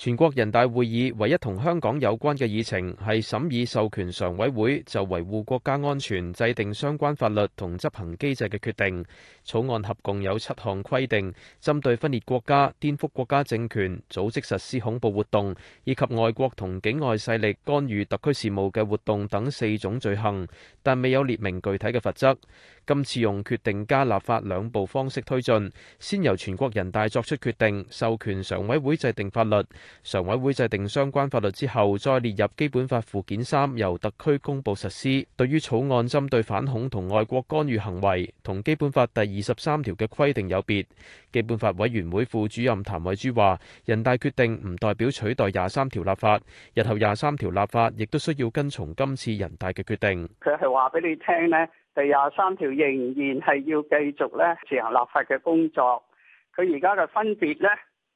全國人大會議唯一同香港有關嘅議程係審議授權常委會就維護國家安全制定相關法律同執行機制嘅決定草案，合共有七項規定，針對分裂國家、顛覆國家政權、組織實施恐怖活動以及外國同境外勢力干預特區事務嘅活動等四種罪行，但未有列明具體嘅罰則。今次用決定加立法兩步方式推進，先由全國人大作出決定，授權常委會制定法律。常委會制定相關法律之後，再列入基本法附件三，由特區公布實施。對於草案針對反恐同外國干預行為，同基本法第二十三條嘅規定有別。基本法委員會副主任譚惠珠話，人大決定唔代表取代廿三條立法，日後廿三條立法亦都需要跟從今次人大嘅決定他是。佢係話俾你聽呢，第廿三條仍然係要繼續呢，自行立法嘅工作。佢而家嘅分別呢。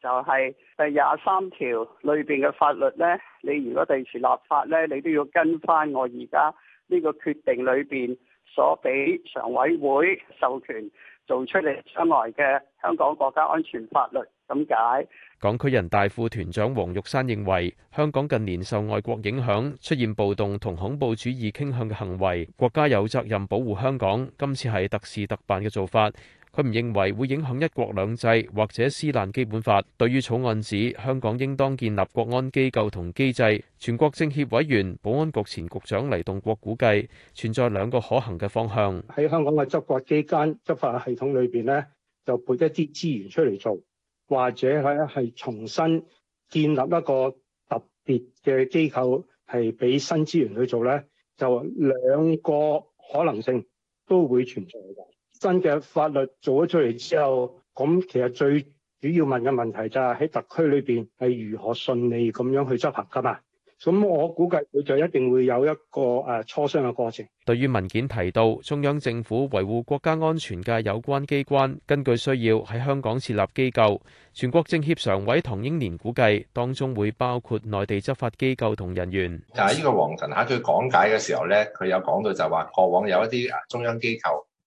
就係第廿三條裏邊嘅法律呢。你如果第二次立法呢，你都要跟翻我而家呢個決定裏邊所俾常委會授權做出嚟出嚟嘅香港國家安全法律咁解。港區人大副團長黃玉山認為，香港近年受外國影響，出現暴動同恐怖主義傾向嘅行為，國家有責任保護香港，今次係特事特辦嘅做法。佢唔認為會影響一國兩制或者撕爛基本法。對於草案指香港應當建立國安機構同機制，全國政協委員、保安局前局長黎棟國估計存在兩個可行嘅方向：喺香港嘅執法機關、執法系統裏邊呢，就撥一啲資源出嚟做，或者喺係重新建立一個特別嘅機構，係俾新資源去做呢，就兩個可能性都會存在㗎。新嘅法律做咗出嚟之後，咁其實最主要問嘅問題就係喺特區裏邊係如何順利咁樣去執行噶嘛？咁我估計佢就一定會有一個誒磋商嘅過程。對於文件提到中央政府維護國家安全嘅有關機關根據需要喺香港設立機構，全國政協常委唐英年估計當中會包括內地執法機構同人員，但係呢個黃晨喺佢講解嘅時候咧，佢有講到就話過往有一啲啊中央機構。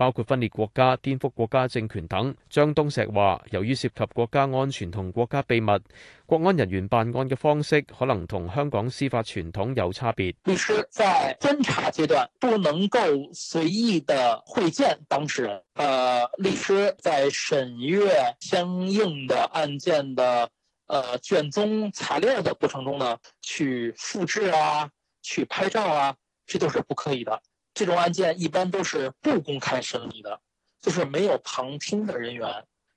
包括分裂國家、顛覆國家政權等。張東石話，由於涉及國家安全同國家秘密，國安人員辦案嘅方式可能同香港司法傳統有差別。律師在偵查階段不能夠隨意的會見當事人。呃，律師在審閱相應的案件的呃卷宗材料的過程中呢，去複製啊，去拍照啊，這都是不可以的。這種案件一般都是不公開審理的，就是沒有旁聽的人員。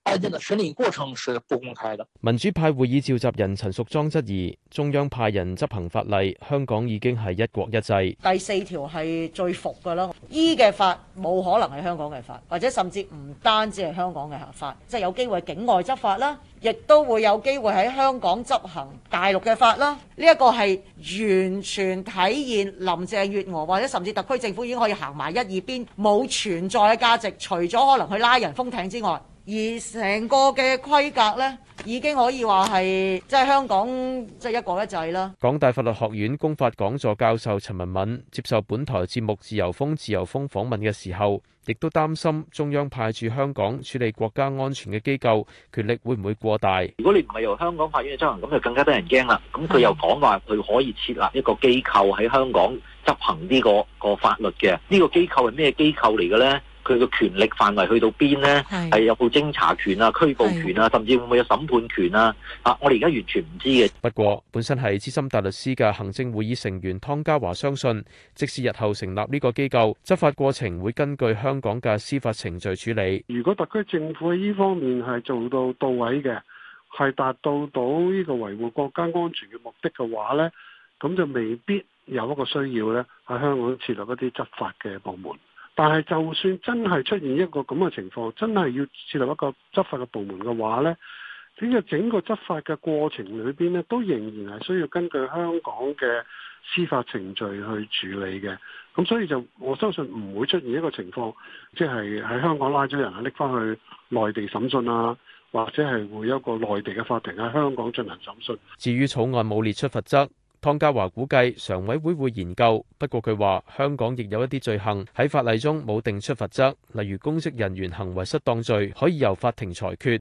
案件的審理過程是不公開的。民主派會議召集人陳淑莊質疑中央派人執行法例，香港已經係一國一制。第四條係最伏㗎啦，依嘅法冇可能係香港嘅法，或者甚至唔單止係香港嘅法，即係有機會境外執法啦，亦都會有機會喺香港執行大陸嘅法啦。呢一個係完全體現林鄭月娥或者甚至特區政府已經可以行埋一二邊，冇存在嘅價值，除咗可能去拉人封艇之外。而成個嘅規格咧，已經可以話，係即係香港即係、就是、一國一制啦。港大法律學院公法講座教授陳文敏接受本台節目《自由風自由風》訪問嘅時候，亦都擔心中央派駐香港處理國家安全嘅機構權力會唔會過大？如果你唔係由香港法院去執行，咁就更加得人驚啦。咁佢又講話，佢可以設立一個機構喺香港執行，這個這個、呢個個法律嘅，呢個機構係咩機構嚟嘅咧？佢嘅權力範圍去到邊咧？係是有冇偵查權啊、拘捕權啊，甚至會唔會有審判權啊？啊！我哋而家完全唔知嘅。不過，本身係資深大律師，嘅行政會議成員湯家驊相信，即使日後成立呢個機構，執法過程會根據香港嘅司法程序處理。如果特區政府喺呢方面係做到到位嘅，係達到到呢個維護國家安全嘅目的嘅話咧，咁就未必有一個需要咧喺香港設立一啲執法嘅部門。但係，就算真係出現一個咁嘅情況，真係要設立一個執法嘅部門嘅話，呢整個執法嘅過程裏邊呢，都仍然係需要根據香港嘅司法程序去處理嘅。咁所以就我相信唔會出現一個情況，即係喺香港拉咗人啊，拎翻去內地審訊啊，或者係會有一個內地嘅法庭喺香港進行審訊。至於草案冇列出罰則。湯家驊估計常委會會研究，不過佢話香港亦有一啲罪行喺法例中冇定出罰則，例如公職人員行為失當罪，可以由法庭裁決。